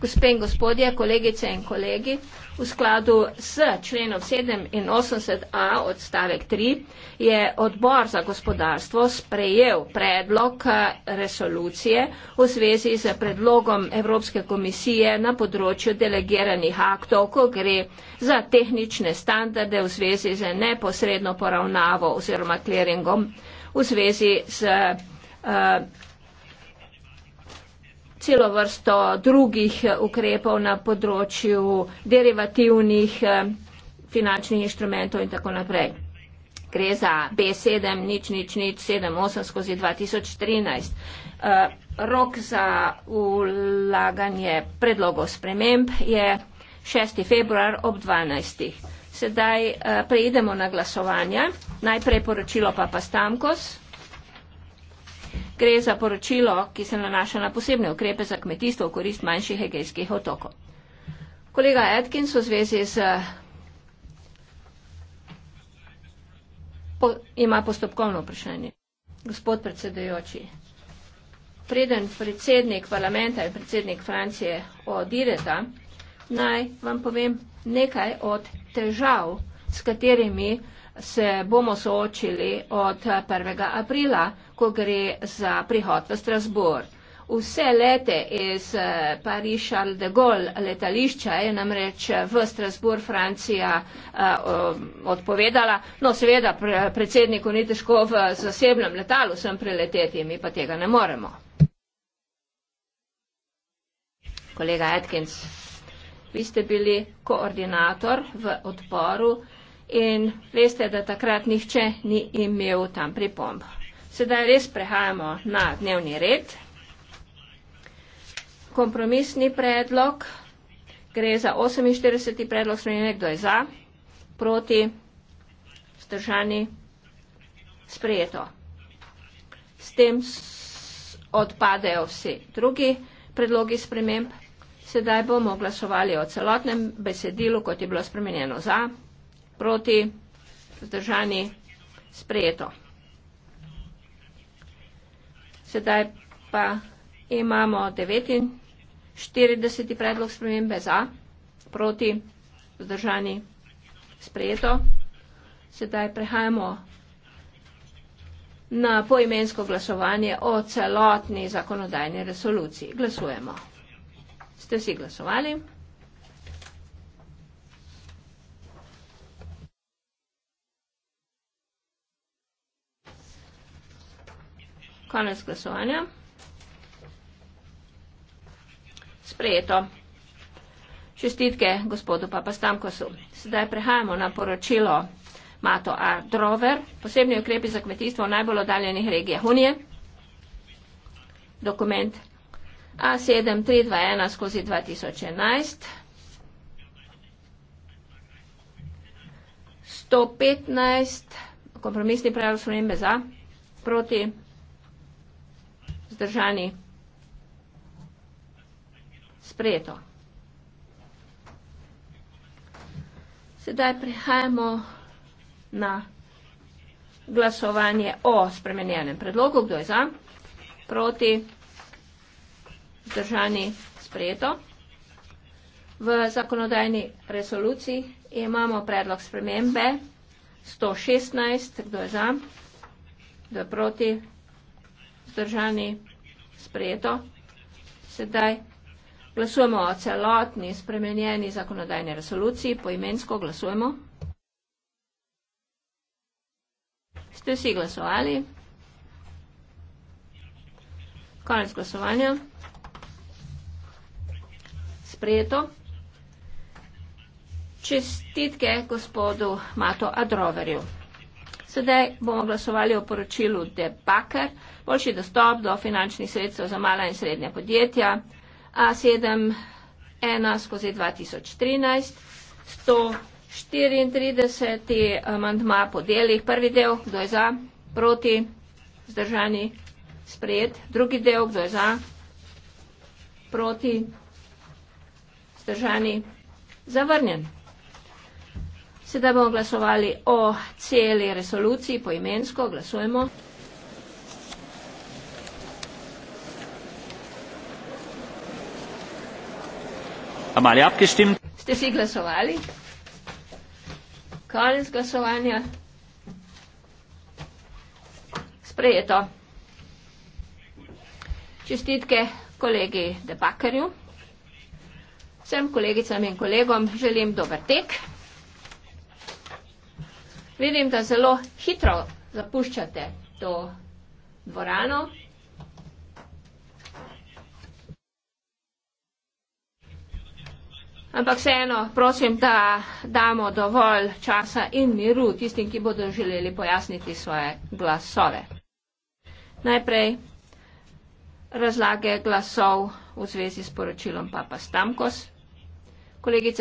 Gospe in gospodje, kolegice in kolegi, v skladu s členom 87a odstavek 3 je odbor za gospodarstvo sprejel predlog eh, resolucije v zvezi z predlogom Evropske komisije na področju delegiranih aktov, ko gre za tehnične standarde v zvezi z neposredno poravnavo oziroma kleringom v zvezi z. Uh, eh, celo vrsto drugih ukrepov na področju derivativnih eh, finančnih inštrumentov in tako naprej. Gre za B7 nič nič nič 78 skozi 2013. Eh, rok za ulaganje predlogov sprememb je 6. februar ob 12. Sedaj eh, prejdemo na glasovanja. Najprej poročilo pa pa Stamkos. Gre za poročilo, ki se nanaša na posebne ukrepe za kmetijstvo v korist manjših egejskih otokov. Kolega Atkins v zvezi z. Po, ima postopkovno vprašanje. Gospod predsedujoči, preden predsednik parlamenta in predsednik Francije odideta, naj vam povem nekaj od težav, s katerimi se bomo soočili od 1. aprila, ko gre za prihod v Strasbourg. Vse lete iz eh, Paris Charles de Gaulle letališča je namreč v Strasbourg Francija eh, odpovedala. No, seveda, predsedniku ni težko v zasebnem letalu sem preleteti, mi pa tega ne moremo. Kolega Atkins, vi ste bili koordinator v odporu in veste, da takrat nihče ni imel tam pripomb. Sedaj res prehajamo na dnevni red. Kompromisni predlog gre za 48. predlog, smo imeli nekdo je za, proti, stržani, sprejeto. S tem odpadejo vsi drugi predlogi sprememb. Sedaj bomo glasovali o celotnem besedilu, kot je bilo spremenjeno za proti vzdržani sprejeto. Sedaj pa imamo 49. predlog spremembe za, proti vzdržani sprejeto. Sedaj prehajamo na poimensko glasovanje o celotni zakonodajni resoluciji. Glasujemo. Ste vsi glasovali? Konec glasovanja. Sprejeto. Čestitke gospodu Papastamkosu. Sedaj prehajamo na poročilo Mato A. Drover, posebni ukrepi za kmetijstvo v najbolj oddaljenih regijah Unije. Dokument A7321 skozi 2011. 115 kompromisni predlog spremembe za, proti, Zdržani. Sprejeto. Sedaj prihajamo na glasovanje o spremenjenem predlogu. Kdo je za? Proti. Zdržani. Sprejeto. V zakonodajni resoluciji imamo predlog spremembe 116. Kdo je za? Kdo je proti? vzdržani, sprejeto. Sedaj glasujemo o celotni spremenjeni zakonodajni resoluciji, poimensko glasujemo. Ste vsi glasovali? Konec glasovanja. Sprejeto. Čestitke gospodu Mato Adroverju. Sedaj bomo glasovali o poročilu Debaker, boljši dostop do finančnih sredstev za mala in srednja podjetja, A7-1 skozi 2013, 134. amandma po delih, prvi del, kdo je za, proti, zdržani, sprejet, drugi del, kdo je za, proti, zdržani, zavrnjen. Sedaj bomo glasovali o celi resoluciji, poimensko glasujemo. Amalia, abgestimmt. Ste vsi glasovali? Konec glasovanja. Sprejeto. Čestitke kolegi Debakarju. Vsem kolegicam in kolegom želim dober tek. Vidim, da zelo hitro zapuščate to dvorano. Ampak vseeno, prosim, da damo dovolj časa in miru tistim, ki bodo želeli pojasniti svoje glasove. Najprej razlage glasov v zvezi s poročilom Papa Stamkos. Kolegica